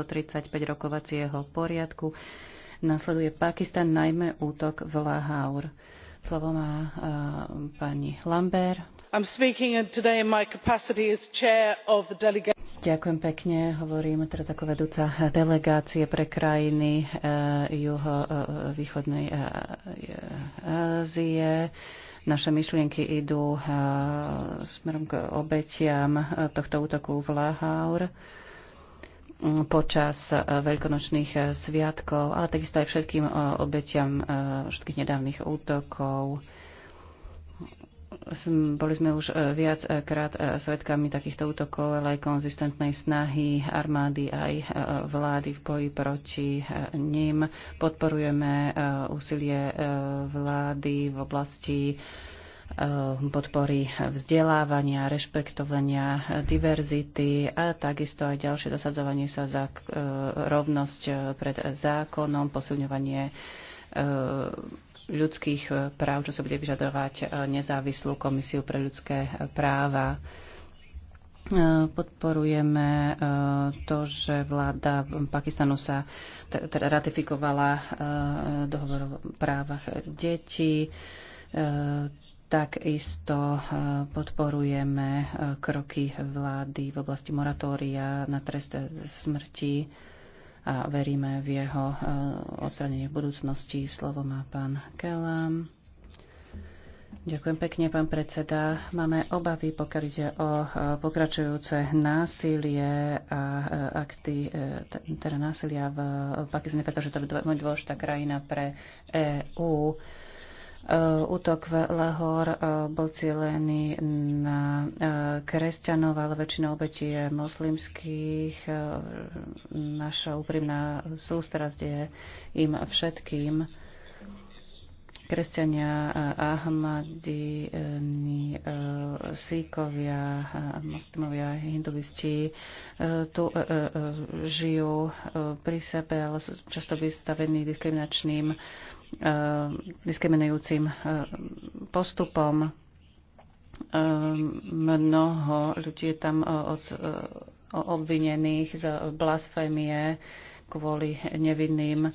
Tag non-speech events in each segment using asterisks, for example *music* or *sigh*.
135 rokovacieho poriadku. Nasleduje Pakistan, najmä útok v Lahaur. Slovo má uh, pani Lambert. I'm speaking today in my capacity as chair of the delegation. Ďakujem pekne. Hovorím teraz ako vedúca delegácie pre krajiny uh, e, juho-východnej e, uh, uh, Ázie. naše myšlienky idú smerom k obetiam tohto útoku v Lahaur počas e, veľkonočných e, sviatkov, ale takisto aj všetkým e, obetiam všetkých nedávnych útokov. Boli sme už viackrát svetkami takýchto útokov, ale aj konzistentnej snahy armády aj vlády v boji proti ním, Podporujeme úsilie vlády v oblasti Eh, podpory vzdelávania, rešpektovania diverzity a takisto aj ďalšie zasadzovanie sa za eh, rovnosť eh, pred zákonom, posilňovanie ľudských práv, čo sa bude vyžadovať nezávislú komisiu pre ľudské práva. Podporujeme to, že vláda Pakistanu sa teda ratifikovala dohovor o právach detí Takisto e, podporujeme e, kroky vlády v oblasti moratória na trest e, smrti a veríme v jeho odstranenie v budúcnosti. Slovo má pán Kelam. Ďakujem pekne, pán predseda. Máme obavy, pokiaľ ide o pokračujúce násilie a akty, teda násilia v Pakistane, pretože to je dôležitá krajina pre EÚ. Eh, útok v Lahor eh, bol cílený na eh, kresťanov, ale väčšina obetí je moslimských. Naša úprimná sústrasť je im všetkým. Kresťania Ahmadini, Síkovia, moslimovia, hinduisti tu žijú pri sebe, ale sú často vystavení diskriminačným Eh, diskriminujúcim eh, postupom. Eh, mnoho ľudí je tam od obvinených z blasfémie kvôli nevinným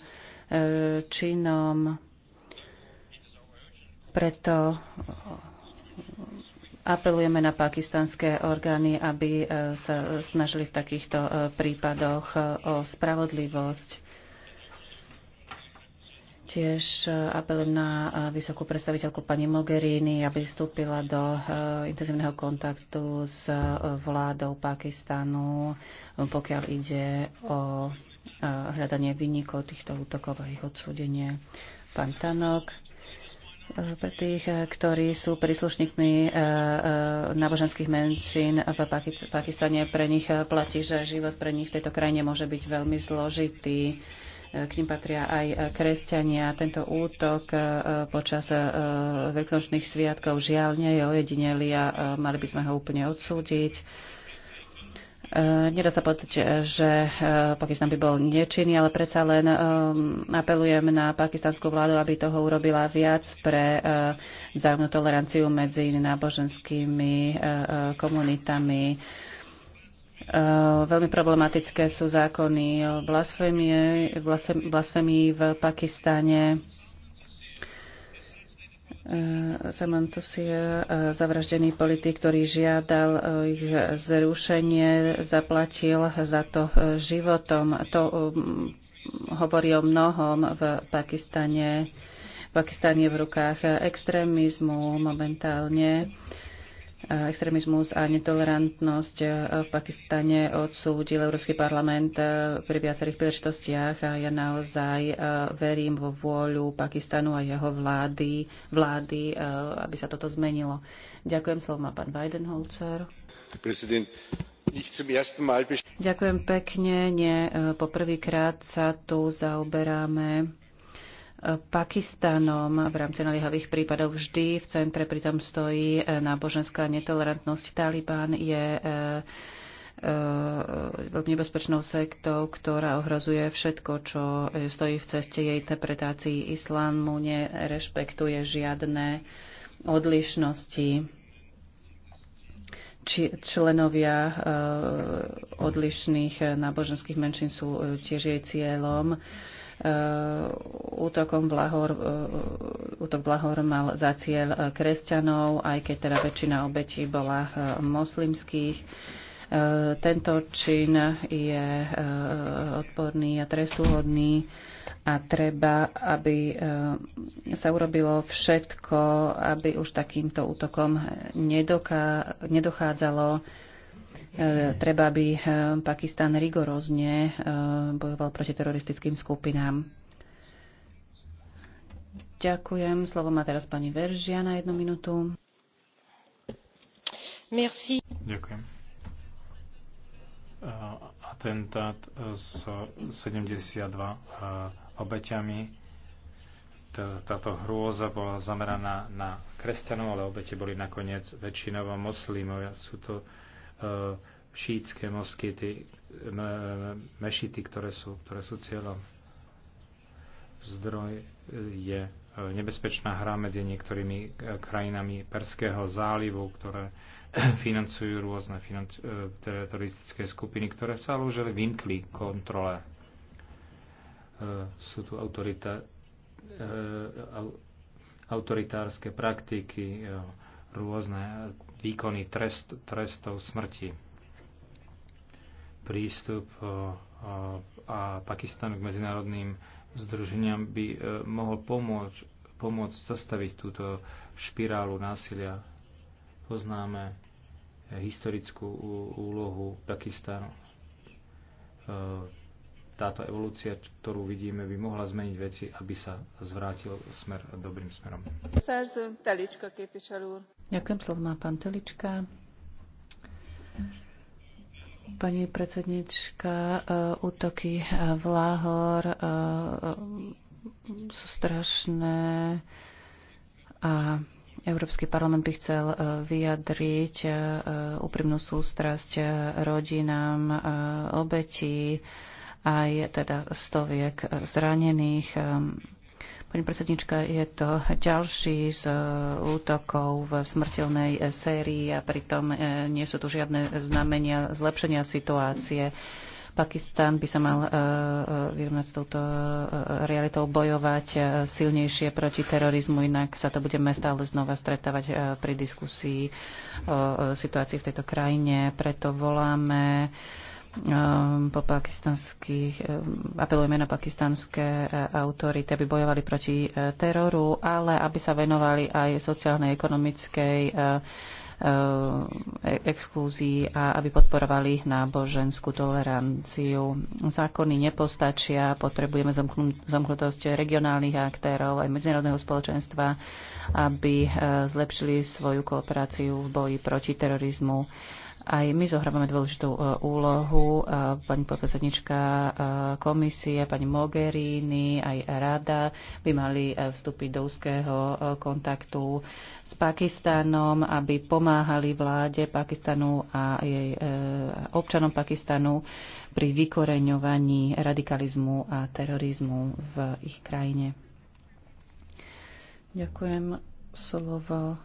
činom. Preto apelujeme na pakistanské orgány, aby sa snažili v takýchto prípadoch o spravodlivosť. Tiež e, apelujem na e, vysokú predstaviteľku pani Mogherini, aby vstúpila do e, intenzívneho kontaktu s vládou Pakistanu, pokiaľ ide o hľadanie vynikov týchto útokov a ich odsúdenie. Pán Tanok, pre tých, ktorí sú príslušníkmi náboženských menšín v Pakistane, pre nich platí, že život pre nich v tejto krajine môže byť veľmi zložitý k ním patria aj kresťania. Tento útok e, počas e, veľkonočných sviatkov žiaľ nie je ojedinelý a e, mali by sme ho úplne odsúdiť. Nedá sa povedať, že Pakistan by bol nečinný, ale predsa len apelujem na pakistanskú vládu, aby toho urobila viac pre vzájomnú toleranciu medzi náboženskými komunitami Eh, veľmi problematické sú zákony o blasfémii, blasfémii v Pakistane. Samantusia, eh, eh, zavraždený politik, ktorý žiadal ich zrušenie, zaplatil za to životom. To mm, hovorí o mnohom v Pakistane. Pakistan je v rukách extrémizmu momentálne extrémizmus a netolerantnosť v Pakistane odsúdil Európsky parlament pri viacerých príležitostiach a ja naozaj eh, verím vo vôľu Pakistanu a jeho vlády, vlády eh, aby sa toto zmenilo. Ďakujem, slovo má pán Weidenholzer. Ďakujem pekne. Nie, eh, poprvýkrát sa tu zaoberáme Pakistanom v rámci naliehavých prípadov vždy v centre pritom stojí e, náboženská netolerantnosť. Taliban je e, e, veľmi nebezpečnou sektou, ktorá ohrozuje všetko, čo stojí v ceste jej interpretácii islámu, nerešpektuje žiadne odlišnosti či, členovia odlišných náboženských menšín sú tiež jej cieľom. Eh, útokom Blahor, eh, útok Blahor mal za cieľ eh, kresťanov, aj keď teda väčšina obetí bola moslimských. Tento čin je odporný a trestuhodný a treba, aby sa urobilo všetko, aby už takýmto útokom nedochádzalo. E, treba, aby e, Pakistan rigorózne e, bojoval proti teroristickým skupinám. Ďakujem. Slovo má teraz pani Veržia na jednu minútu. Merci. Ďakujem. Atentát s 72 obeťami. Táto hrôza bola zameraná na kresťanov, ale obete boli nakoniec väčšinovo moslimov. Sú to E, šítske moskyty, mešity, ktoré sú, ktoré sú cieľom. Zdroj e, je e, nebezpečná hra medzi niektorými krajinami Perského zálivu, ktoré *clears throat* financujú rôzne financ- teroristické skupiny, ktoré sa už vymkli kontrole. Sú tu autorita- autoritárske praktiky, rôzne výkony trest, trestov smrti. Prístup a Pakistanu k medzinárodným združeniam by e, mohol pomôcť, pomôcť zastaviť túto špirálu násilia. Poznáme historickú úlohu Pakistanu e, táto evolúcia, ktorú vidíme, by mohla zmeniť veci, aby sa zvrátil smer dobrým smerom. Ďakujem, slovo má pán Telička. Pani predsednička, eh, útoky v Lahor eh, sú strašné a Európsky parlament by chcel eh, vyjadriť úprimnú sústrasť rodinám obetí aj teda stoviek zranených. Ehm, pani predsednička, je to ďalší z e, útokov v smrteľnej e, sérii a pritom e, nie sú tu žiadne znamenia zlepšenia situácie. Pakistan by sa mal vyrovnať s touto realitou, bojovať silnejšie proti terorizmu, inak sa to budeme stále znova stretávať pri diskusii o situácii v tejto krajine. Preto voláme Ehm, po pakistanských, ehm, apelujeme na pakistanské eh, autority, aby bojovali proti eh, teroru, ale aby sa venovali aj sociálnej, ekonomickej eh, e-, exkluzii a aby podporovali náboženskú toleranciu. Zákony nepostačia, potrebujeme zamknutosť regionálnych aktérov aj medzinárodného spoločenstva, aby zlepšili svoju kooperáciu v boji proti terorizmu aj my zohrávame dôležitú e, úlohu. E, pani podpredsednička e, komisie, pani Mogherini, aj rada by mali vstúpiť do úzkého kontaktu s Pakistanom, aby pomáhali vláde Pakistanu a jej občanom Pakistanu pri vykoreňovaní radikalizmu a terorizmu v ich krajine. Ďakujem. Slovo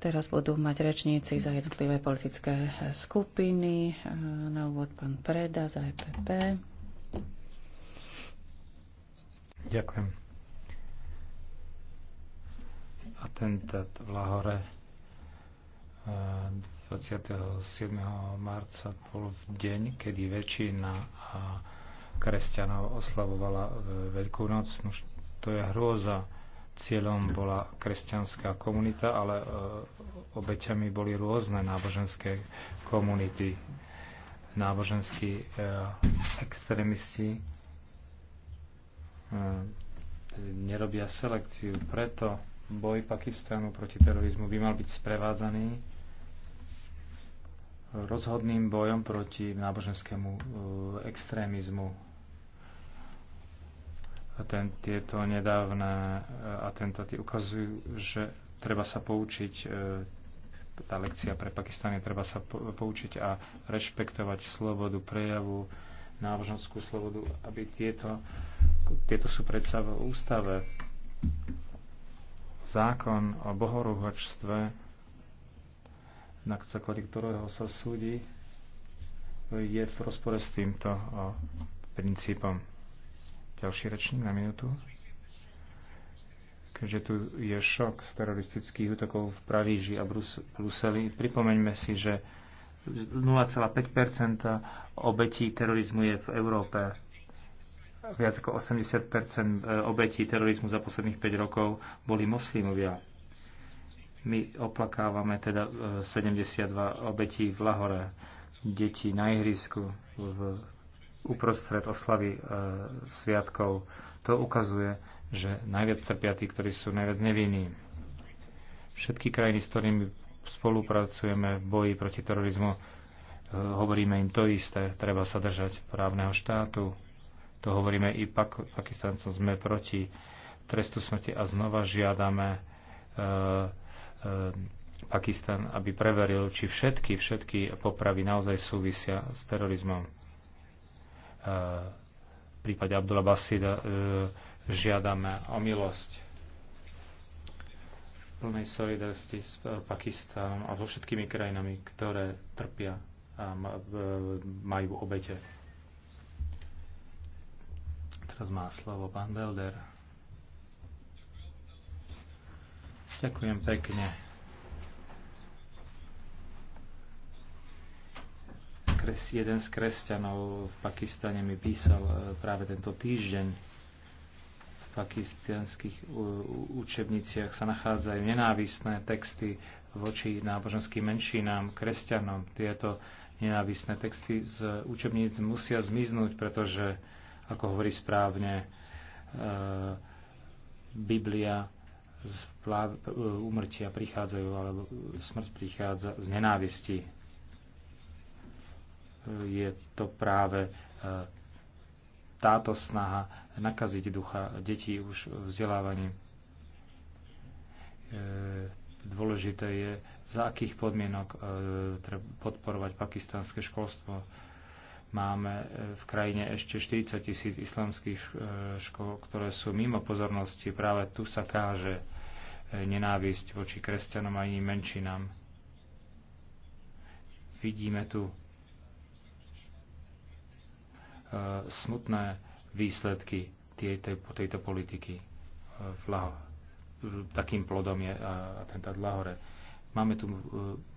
Teraz budú mať rečníci za jednotlivé politické skupiny. E, na úvod pán Preda za EPP. Ďakujem. Atentát v Lahore 27. E, marca bol v deň, kedy väčšina kresťanov oslavovala e, Veľkú noc. No, to je hrôza Cieľom bola kresťanská komunita, ale e, obeťami boli rôzne náboženské komunity, náboženskí e, extrémisti e, nerobia selekciu. Preto boj Pakistánu proti terorizmu by mal byť sprevádzaný rozhodným bojom proti náboženskému extrémizmu ten, tieto nedávne e, atentáty ukazujú, že treba sa poučiť, e, tá lekcia pre Pakistan je treba sa poučiť a rešpektovať slobodu prejavu, náboženskú slobodu, aby tieto, tieto sú predsa v ústave. Zákon o bohorúhačstve, na základe ktorého sa súdi, je v rozpore s týmto princípom. Ďalší rečník na minútu. Keďže tu je šok z teroristických útokov v Paríži a Brus- Bruseli, pripomeňme si, že 0,5 obetí terorizmu je v Európe. Viac ako 80 e, obetí terorizmu za posledných 5 rokov boli moslimovia. My oplakávame teda 72 e, obetí v Lahore, deti na ihrisku, v uprostred oslavy e, sviatkov. To ukazuje, že najviac trpia tí, ktorí sú najviac nevinní. Všetky krajiny, s ktorými spolupracujeme v boji proti terorizmu, e, hovoríme im to isté, treba sa držať právneho štátu. To hovoríme i pak, Pakistancom, sme proti trestu smrti a znova žiadame e, e, Pakistan, aby preveril, či všetky, všetky popravy naozaj súvisia s terorizmom v prípade Abdullah Basida e, žiadame o milosť plnej solidarity s e, Pakistánom a so všetkými krajinami, ktoré trpia a e, majú obete. Teraz má slovo pán Belder. Ďakujem pekne. kres, jeden z kresťanov v Pakistane mi písal e, práve tento týždeň. V pakistanských e, učebniciach sa nachádzajú nenávisné texty voči náboženským menšinám, kresťanom. Tieto nenávisné texty z učebníc musia zmiznúť, pretože, ako hovorí správne, e, Biblia z umrtia prichádzajú, alebo smrť prichádza z nenávisti je to práve e, táto snaha nakaziť ducha detí už vzdelávaním. E, dôležité je, za akých podmienok e, treba podporovať pakistanské školstvo. Máme v krajine ešte 40 tisíc islamských škôl, ktoré sú mimo pozornosti. Práve tu sa káže nenávisť voči kresťanom a iným menšinám. Vidíme tu E, smutné výsledky tejto, tejto politiky e, v Lahore. Takým plodom je atentát v Lahore. Máme tu e,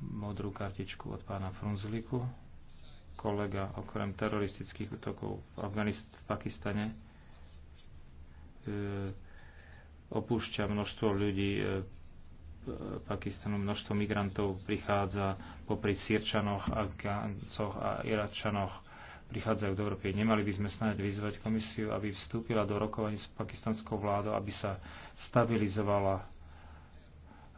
modrú kartičku od pána Frunzliku, kolega okrem teroristických útokov v, Afganist- v Pakistane opúšťa množstvo ľudí Pakistanu, množstvo migrantov prichádza popri Sirčanoch, Afgáncoch a Iračanoch prichádzajú do Európy. Nemali by sme snáď vyzvať komisiu, aby vstúpila do rokovaní s pakistanskou vládou, aby sa stabilizovala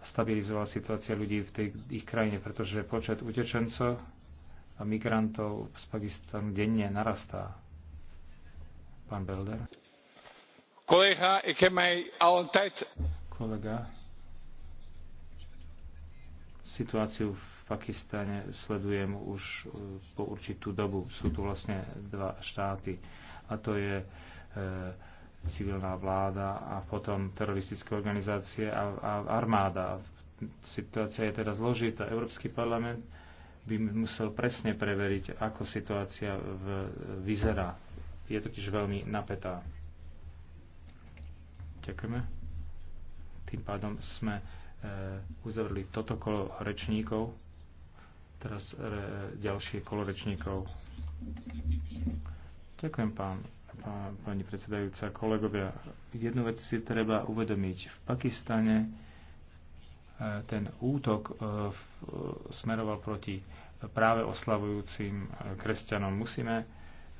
stabilizovala situácia ľudí v tej ich krajine, pretože počet utečencov a migrantov z Pakistanu denne narastá. Pán Belder. Kolega, ik heb mij al een tijd... Kolega, situáciu v Pakistane sledujem už eh, po určitú dobu. Sú tu vlastne dva štáty a to je e, civilná vláda a potom teroristické organizácie a, a armáda. Situácia je teda zložitá. Európsky parlament by musel presne preveriť, ako situácia v, vyzerá. Je totiž veľmi napätá. Ďakujeme. Tým pádom sme e, uzavreli toto kolo rečníkov Teraz e, ďalšie kolo rečníkov. Ďakujem, pán, pán, pani predsedajúca, kolegovia. Jednu vec si treba uvedomiť. V Pakistane e, ten útok e, smeroval proti práve oslavujúcim kresťanom. Musíme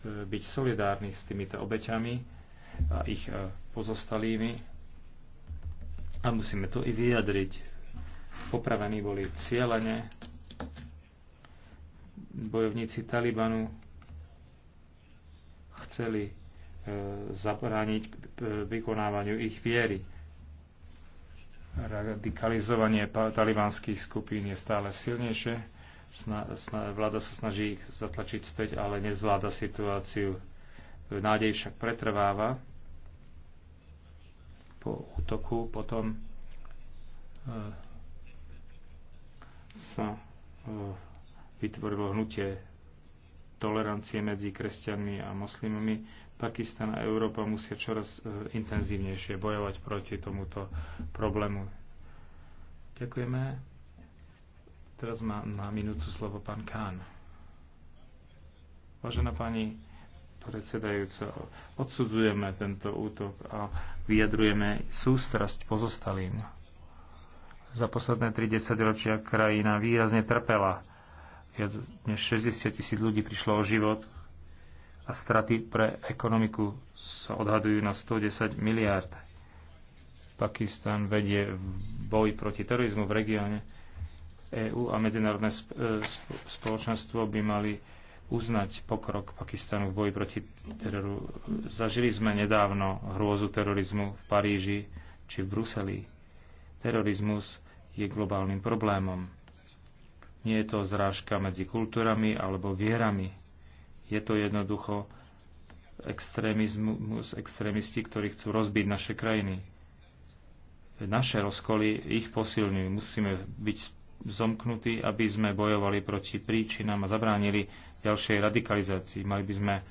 byť solidárni s týmito obeťami a ich pozostalými a musíme to i vyjadriť. Popravení boli cieľene bojovníci Talibanu chceli e, zabrániť e, vykonávaniu ich viery. Radikalizovanie talibanských skupín je stále silnejšie. Vláda sa snaží ich zatlačiť späť, ale nezvláda situáciu. Nádej však pretrváva. Po útoku potom e, sa vytvorilo hnutie tolerancie medzi kresťanmi a moslimami. Pakistan a Európa musia čoraz e, intenzívnejšie bojovať proti tomuto problému. Ďakujeme. Teraz má na minútu slovo pán Kán. Vážená pani predsedajúca, odsudzujeme tento útok a vyjadrujeme sústrasť pozostalým. Za posledné 30 ročia krajina výrazne trpela Viac než 60 tisíc ľudí prišlo o život a straty pre ekonomiku sa odhadujú na 110 miliárd. Pakistan vedie boj proti terorizmu v regióne. EÚ a medzinárodné e, spoločenstvo by mali uznať pokrok Pakistanu v boji proti teroru. Zažili sme nedávno hrôzu terorizmu v Paríži či v Bruseli. Terorizmus je globálnym problémom. Nie je to zrážka medzi kultúrami alebo vierami. Je to jednoducho extrémizmus, extrémisti, ktorí chcú rozbiť naše krajiny. Naše rozkoly ich posilňujú. Musíme byť zomknutí, aby sme bojovali proti príčinám a zabránili ďalšej radikalizácii. Mali by sme e,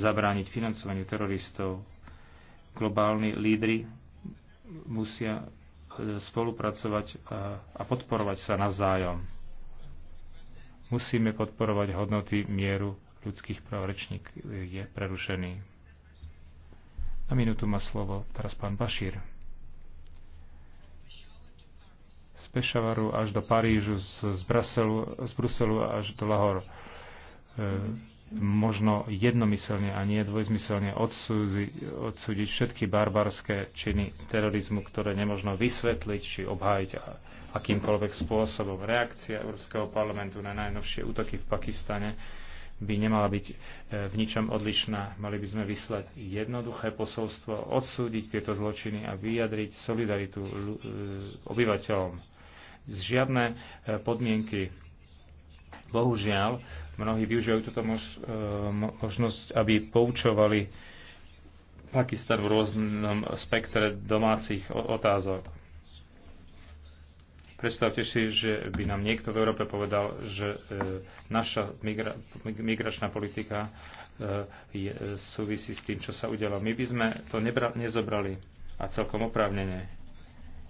zabrániť financovaniu teroristov. Globálni lídry musia e, spolupracovať e, a podporovať sa navzájom. Musíme podporovať hodnoty mieru ľudských práv. Rečník je prerušený. Na minútu má slovo teraz pán Bašír. Z Pešavaru až do Parížu, z, Bruselu, z Bruselu až do Lahor. E, možno jednomyselne a nie dvojzmyselne odsúdi, odsúdiť všetky barbarské činy terorizmu, ktoré nemožno vysvetliť či obhájiť akýmkoľvek spôsobom. Reakcia Európskeho parlamentu na najnovšie útoky v Pakistane by nemala byť e, v ničom odlišná. Mali by sme vyslať jednoduché posolstvo, odsúdiť tieto zločiny a vyjadriť solidaritu e, obyvateľom. Žiadne e, podmienky. Bohužiaľ, Mnohí využívajú túto mož, e, možnosť, aby poučovali Pakistan v rôznom spektre domácich otázok. Predstavte si, že by nám niekto v Európe povedal, že e, naša migra- migračná politika e, je, súvisí s tým, čo sa udialo. My by sme to nebra- nezobrali a celkom oprávnene.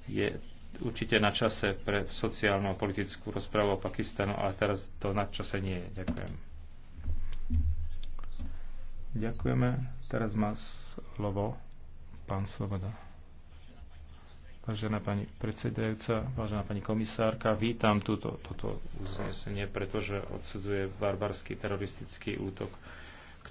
Je určite na čase pre sociálnu a politickú rozprávu o Pakistanu, ale teraz to na čase nie je. Ďakujem. Ďakujeme. Teraz má slovo pán Sloboda. Vážená pani predsedajúca, vážená pani komisárka, vítam túto, toto uznesenie, pretože odsudzuje barbarský teroristický útok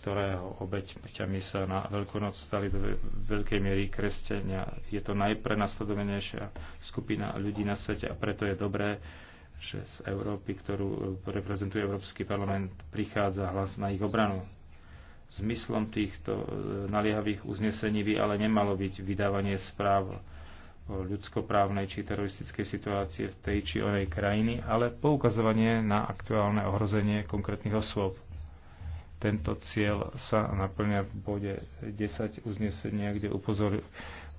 ktorého obeťami sa na Veľkonoc stali do veľkej miery kresťania. Je to najprenasledovanejšia skupina ľudí na svete a preto je dobré, že z Európy, ktorú reprezentuje Európsky parlament, prichádza hlas na ich obranu. Zmyslom týchto e, naliehavých uznesení by ale nemalo byť vydávanie správ o ľudskoprávnej či teroristickej situácie v tej či onej krajiny, ale poukazovanie na aktuálne ohrozenie konkrétnych osôb. Tento cieľ sa naplňa v bode 10 uznesenia, kde upozor,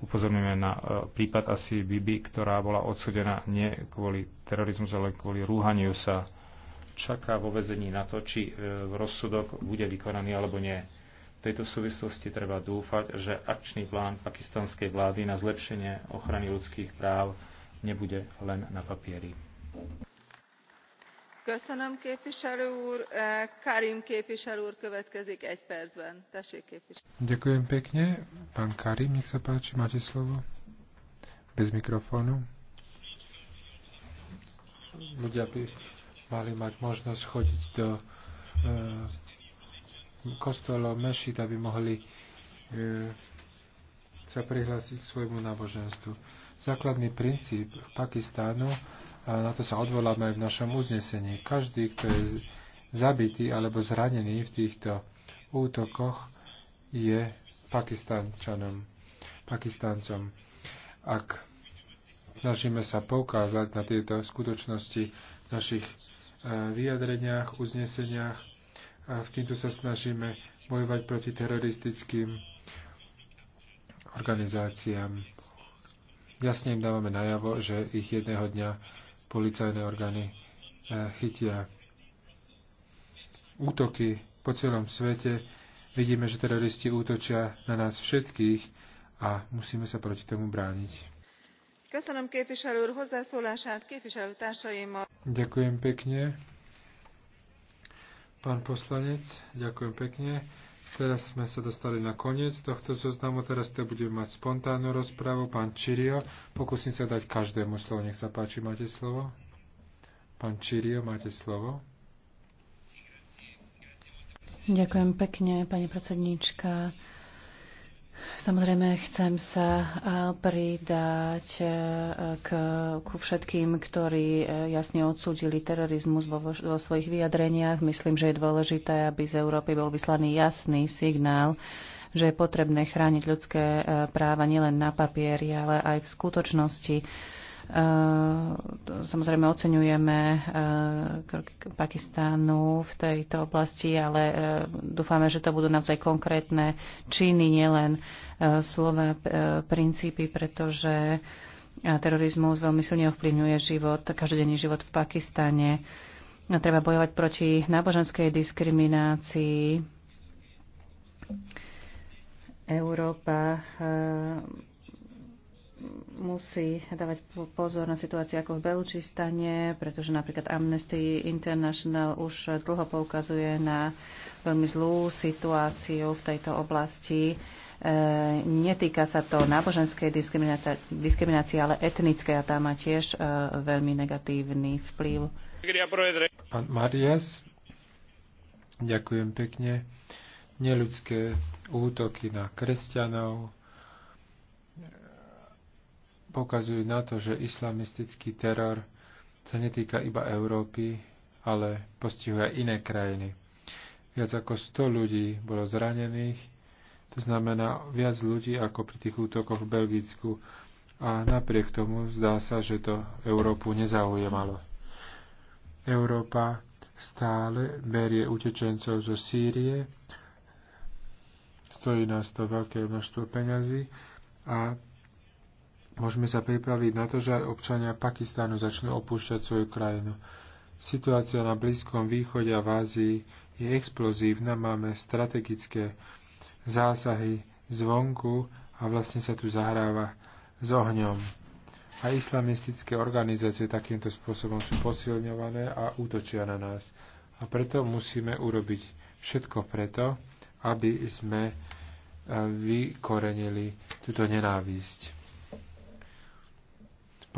upozorňujeme na e, prípad Asi Bibi, ktorá bola odsudená nie kvôli terorizmu, ale kvôli rúhaniu sa. Čaká vo väzení na to, či e, rozsudok bude vykonaný alebo nie. V tejto súvislosti treba dúfať, že akčný plán pakistanskej vlády na zlepšenie ochrany ľudských práv nebude len na papieri. Eh, Ďakujem pekne. Pán Karim, nech sa páči, máte slovo. Bez mikrofónu. Ľudia by mali mať možnosť chodiť do e, kostolov, mešít, aby mohli e, sa prihlásiť k svojmu náboženstvu. Základný princíp Pakistánu a na to sa odvoláme aj v našom uznesení. Každý, kto je zabitý alebo zranený v týchto útokoch, je Pakistančanom, Pakistancom. Ak snažíme sa poukázať na tieto skutočnosti v našich e, vyjadreniach, uzneseniach, a v týmto sa snažíme bojovať proti teroristickým organizáciám. Jasne im dávame najavo, že ich jedného dňa policajné orgány e, chytia. Útoky po celom svete vidíme, že teroristi útočia na nás všetkých a musíme sa proti tomu brániť. Ďakujem pekne. Pán poslanec, ďakujem pekne. Teraz sme sa dostali na koniec tohto zoznamu, teraz to budeme mať spontánnu rozpravu. Pán Čirio, pokúsim sa dať každému slovo, nech sa páči, máte slovo. Pán Čirio, máte slovo. Ďakujem pekne, pani predsedníčka. Samozrejme, chcem sa pridať e, k, ku všetkým, ktorí e, jasne odsúdili terorizmus vo, vo svojich vyjadreniach. Myslím, že je dôležité, aby z Európy bol vyslaný jasný signál, že je potrebné chrániť ľudské e, práva nielen na papieri, ale aj v skutočnosti. E, samozrejme oceňujeme e, kroky Pakistánu v tejto oblasti, ale e, dúfame, že to budú naozaj konkrétne činy, nielen slova, princípy, pretože terorizmus veľmi silne ovplyvňuje život, každodenný život v Pakistane. Treba bojovať proti náboženskej diskriminácii. Európa musí dávať pozor na situáciu ako v Belučistane, pretože napríklad Amnesty International už dlho poukazuje na veľmi zlú situáciu v tejto oblasti. E, netýka sa to náboženskej diskriminácie, ale etnické a tá má tiež e, veľmi negatívny vplyv. Pán Marias, ďakujem pekne. Neľudské útoky na kresťanov, pokazujú na to, že islamistický teror sa netýka iba Európy, ale postihuje aj iné krajiny. Viac ako 100 ľudí bolo zranených, to znamená viac ľudí ako pri tých útokoch v Belgicku a napriek tomu zdá sa, že to Európu nezaujímalo. Európa stále berie utečencov zo Sýrie, stojí nás to veľké množstvo peňazí a môžeme sa pripraviť na to, že aj občania Pakistánu začnú opúšťať svoju krajinu. Situácia na Blízkom východe a v Ázii je explozívna, máme strategické zásahy zvonku a vlastne sa tu zahráva s ohňom. A islamistické organizácie takýmto spôsobom sú posilňované a útočia na nás. A preto musíme urobiť všetko preto, aby sme eh, vykorenili túto nenávisť.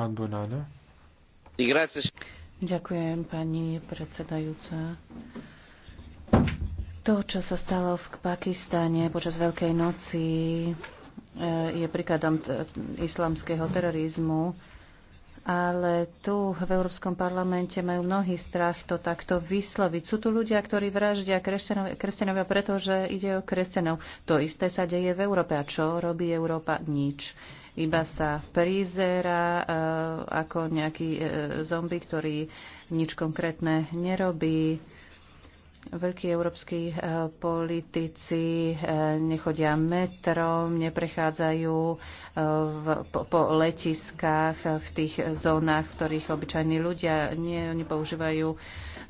Pán Bonano. Ďakujem, pani predsedajúca. To, čo sa stalo v Pakistane počas Veľkej noci, eh, je príkladom islamského terorizmu. Ale tu v Európskom parlamente majú mnohý strach to takto vysloviť. Sú tu ľudia, ktorí vraždia kresťanovia, pretože ide o kresťanov. To isté sa deje v Európe. A čo robí Európa? Nič iba sa prizera eh, ako nejaký eh, zombie, ktorý nič konkrétne nerobí. Veľkí európsky eh, politici nechodia metrom, neprechádzajú v, po, po letiskách, v tých zónach, v ktorých obyčajní ľudia nie, oni používajú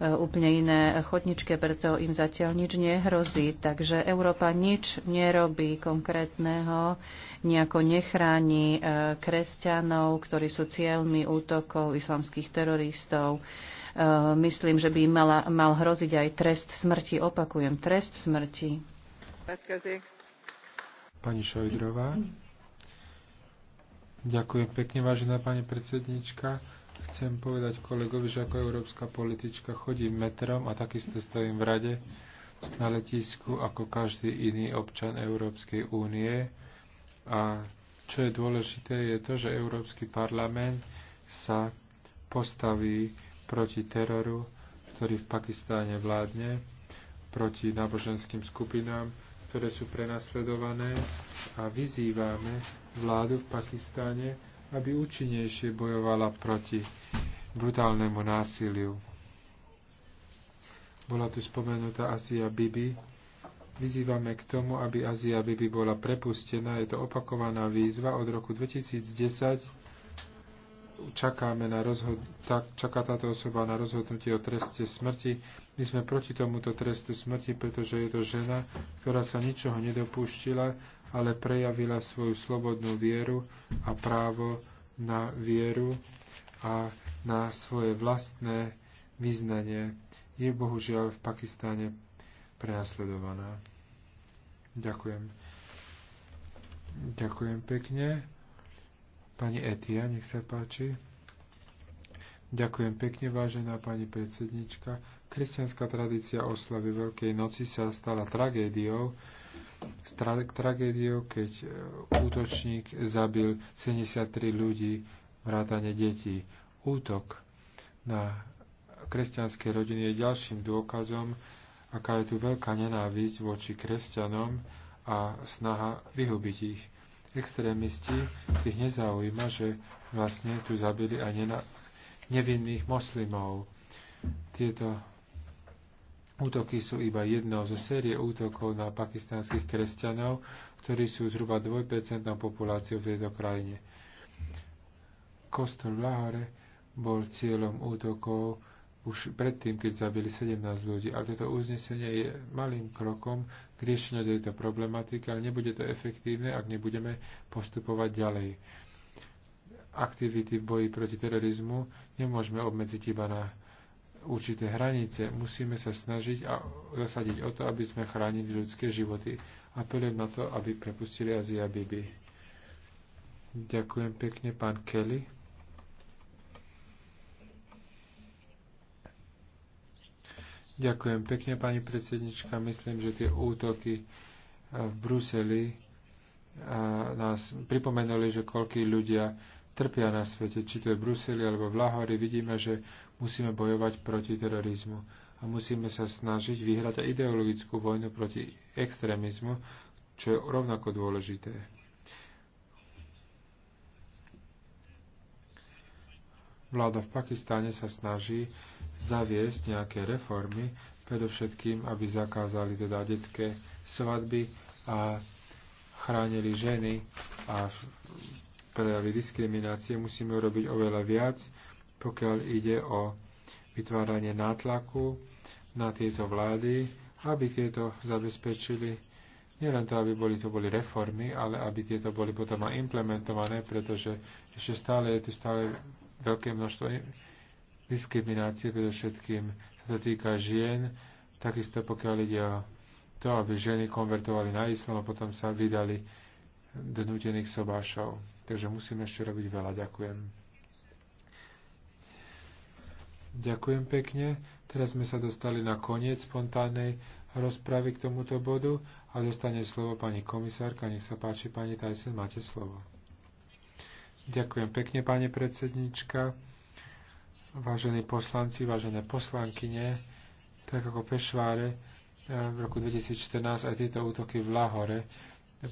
E, úplne iné chodničke, preto im zatiaľ nič nehrozí. Takže Európa nič nerobí konkrétneho, nejako nechráni e, kresťanov, ktorí sú cieľmi útokov islamských teroristov. E, myslím, že by mala, mal hroziť aj trest smrti. Opakujem, trest smrti. Pani Šojdrová. Ďakujem pekne, vážená pani predsednička. Chcem povedať kolegovi, že ako európska politička chodím metrom a takisto stojím v rade na letisku ako každý iný občan Európskej únie. A čo je dôležité, je to, že Európsky parlament sa postaví proti teroru, ktorý v Pakistáne vládne, proti náboženským skupinám, ktoré sú prenasledované a vyzývame vládu v Pakistáne, aby účinnejšie bojovala proti brutálnemu násiliu. Bola tu spomenutá Asia Bibi. Vyzývame k tomu, aby Asia Bibi bola prepustená. Je to opakovaná výzva od roku 2010. Čakáme na rozhod- tak, čaká táto osoba na rozhodnutie o treste smrti. My sme proti tomuto trestu smrti, pretože je to žena, ktorá sa ničoho nedopúštila ale prejavila svoju slobodnú vieru a právo na vieru a na svoje vlastné vyznanie je bohužiaľ v Pakistáne prenasledovaná. Ďakujem. Ďakujem pekne. Pani Etia, nech sa páči. Ďakujem pekne, vážená pani predsednička. Kresťanská tradícia oslavy Veľkej noci sa stala tragédiou, tragédiou, keď e, útočník zabil 73 ľudí vrátane detí. Útok na kresťanské rodiny je ďalším dôkazom, aká je tu veľká nenávisť voči kresťanom a snaha vyhubiť ich. Extrémisti ich nezaujíma, že vlastne tu zabili aj nevinných moslimov. Tieto Útoky sú iba jednou zo série útokov na pakistanských kresťanov, ktorí sú zhruba 2% populáciou v tejto krajine. Kostol v Lahore bol cieľom útokov už predtým, keď zabili 17 ľudí, ale toto uznesenie je malým krokom k riešeniu tejto problematiky, ale nebude to efektívne, ak nebudeme postupovať ďalej. Aktivity v boji proti terorizmu nemôžeme obmedziť iba na určité hranice. Musíme sa snažiť a zasadiť o to, aby sme chránili ľudské životy. Apelujem na to, aby prepustili Azia Bibi. Ďakujem pekne, pán Kelly. Ďakujem pekne, pani predsednička. Myslím, že tie útoky eh, v Bruseli eh, nás pripomenuli, že koľký ľudia trpia na svete, či to je v Bruseli alebo v Lahori. Vidíme, že Musíme bojovať proti terorizmu a musíme sa snažiť vyhrať aj ideologickú vojnu proti extrémizmu, čo je rovnako dôležité. Vláda v Pakistáne sa snaží zaviesť nejaké reformy, predovšetkým, aby zakázali teda detské svadby a chránili ženy a prejavy diskriminácie. Musíme urobiť oveľa viac pokiaľ ide o vytváranie nátlaku na tieto vlády, aby tieto zabezpečili nielen to, aby boli, to boli reformy, ale aby tieto boli potom aj implementované, pretože ešte stále je tu stále veľké množstvo diskriminácie, predovšetkým sa to týka žien, takisto pokiaľ ide o to, aby ženy konvertovali na Islam a potom sa vydali do nutených sobášov. Takže musíme ešte robiť veľa. Ďakujem. Ďakujem pekne. Teraz sme sa dostali na koniec spontánnej rozpravy k tomuto bodu a dostane slovo pani komisárka. Nech sa páči, pani Tyson, máte slovo. Ďakujem pekne, pani predsednička. Vážení poslanci, vážené poslankyne, tak ako Pešváre eh, v roku 2014 aj tieto útoky v Lahore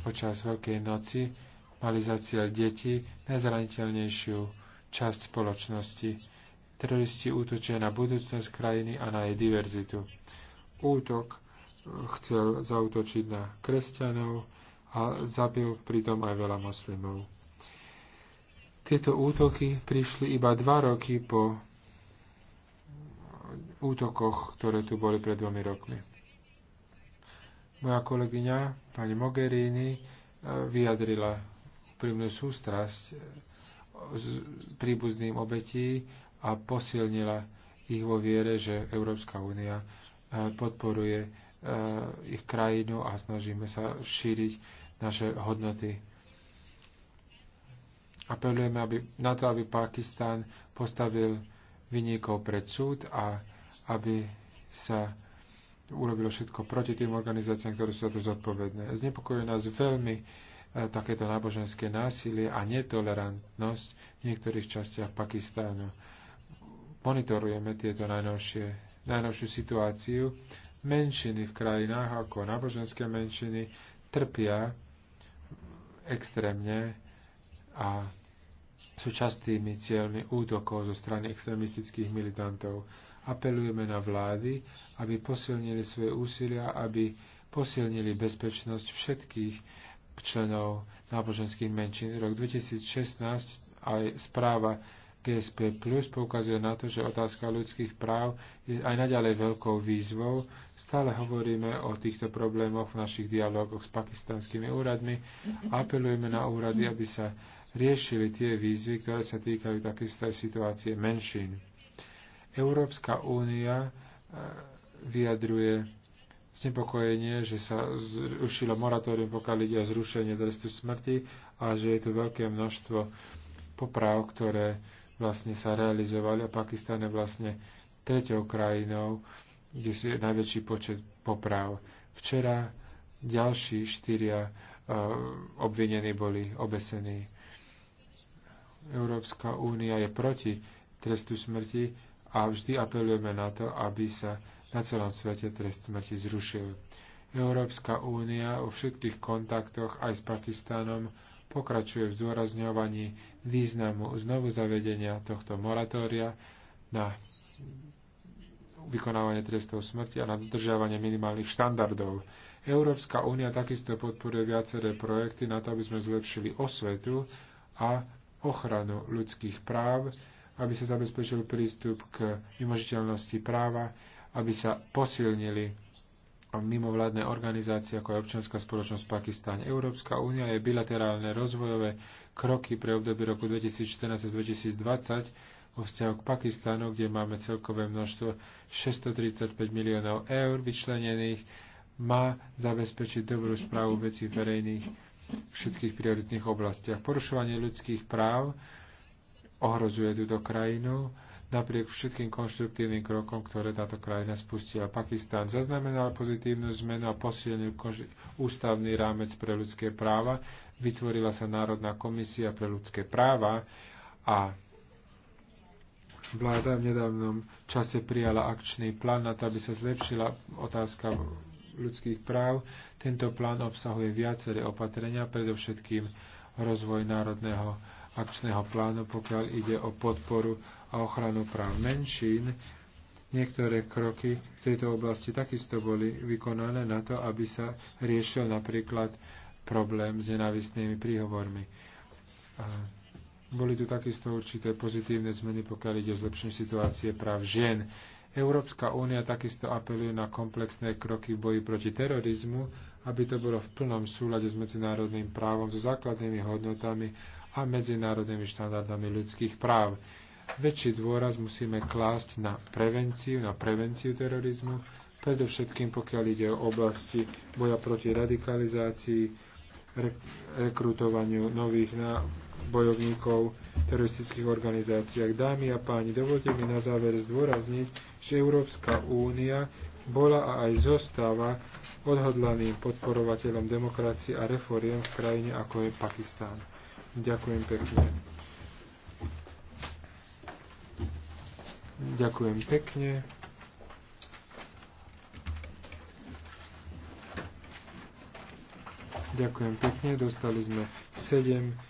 počas Veľkej noci mali za cieľ deti, najzraniteľnejšiu časť spoločnosti Teroristi útočia na budúcnosť krajiny a na jej diverzitu. Útok chcel zautočiť na kresťanov a zabil pritom aj veľa moslimov. Tieto útoky prišli iba dva roky po útokoch, ktoré tu boli pred dvomi rokmi. Moja kolegyňa, pani Mogherini, eh, vyjadrila úprimnú sústrasť eh, príbuzným obetí a posilnila ich vo viere, že Európska únia eh, podporuje eh, ich krajinu a snažíme sa šíriť naše hodnoty. Apelujeme aby, na to, aby Pakistán postavil vynikov pred súd a aby sa urobilo všetko proti tým organizáciám, ktoré sú za to zodpovedné. Znepokojuje nás veľmi eh, takéto náboženské násilie a netolerantnosť v niektorých častiach Pakistánu monitorujeme tieto najnovšie, najnovšiu situáciu. Menšiny v krajinách ako náboženské menšiny trpia extrémne a sú častými cieľmi útokov zo strany extrémistických militantov. Apelujeme na vlády, aby posilnili svoje úsilia, aby posilnili bezpečnosť všetkých členov náboženských menšín. Rok 2016 aj správa PSP Plus poukazuje na to, že otázka ľudských práv je aj naďalej veľkou výzvou. Stále hovoríme o týchto problémoch v našich dialogoch s pakistanskými úradmi. Apelujeme na úrady, aby sa riešili tie výzvy, ktoré sa týkajú takisto aj situácie menšín. Európska únia e, vyjadruje znepokojenie, že sa zrušilo moratórium, pokiaľ ide o zrušenie trestu smrti a že je tu veľké množstvo poprav, ktoré vlastne sa realizovali a Pakistan je vlastne treťou krajinou, kde je najväčší počet poprav. Včera ďalší štyria e, obvinení boli obesení. Európska únia je proti trestu smrti a vždy apelujeme na to, aby sa na celom svete trest smrti zrušil. Európska únia vo všetkých kontaktoch aj s Pakistanom pokračuje v zdôrazňovaní významu znovu zavedenia tohto moratória na vykonávanie trestov smrti a na dodržiavanie minimálnych štandardov. Európska únia takisto podporuje viaceré projekty na to, aby sme zlepšili osvetu a ochranu ľudských práv, aby sa zabezpečil prístup k vymožiteľnosti práva, aby sa posilnili mimovládne organizácie ako je občianská spoločnosť v Pakistáne. Európska únia je bilaterálne rozvojové kroky pre obdobie roku 2014-2020 vo vzťahu k Pakistánu, kde máme celkové množstvo 635 miliónov eur vyčlenených, má zabezpečiť dobrú správu veci verejných v všetkých prioritných oblastiach. Porušovanie ľudských práv ohrozuje túto krajinu napriek všetkým konštruktívnym krokom, ktoré táto krajina spustila. Pakistán zaznamenal pozitívnu zmenu a posilnil ústavný rámec pre ľudské práva, vytvorila sa Národná komisia pre ľudské práva a vláda v nedávnom čase prijala akčný plán na to, aby sa zlepšila otázka ľudských práv. Tento plán obsahuje viaceré opatrenia, predovšetkým rozvoj národného akčného plánu, pokiaľ ide o podporu a ochranu práv menšín. Niektoré kroky v tejto oblasti takisto boli vykonané na to, aby sa riešil napríklad problém s nenávistnými príhovormi. Boli tu takisto určité pozitívne zmeny, pokiaľ ide o zlepšenie situácie práv žien. Európska únia takisto apeluje na komplexné kroky v boji proti terorizmu aby to bolo v plnom súlade s medzinárodným právom, so základnými hodnotami a medzinárodnými štandardami ľudských práv. Väčší dôraz musíme klásť na prevenciu, na prevenciu terorizmu, predovšetkým pokiaľ ide o oblasti boja proti radikalizácii, rekrutovaniu nových na bojovníkov v teroristických organizáciách. Dámy a páni, dovolte mi na záver zdôrazniť, že Európska únia bola a aj zostáva odhodlaným podporovateľom demokracie a reforiem v krajine ako je Pakistán. Ďakujem pekne. Ďakujem pekne. Ďakujem pekne. Dostali sme 7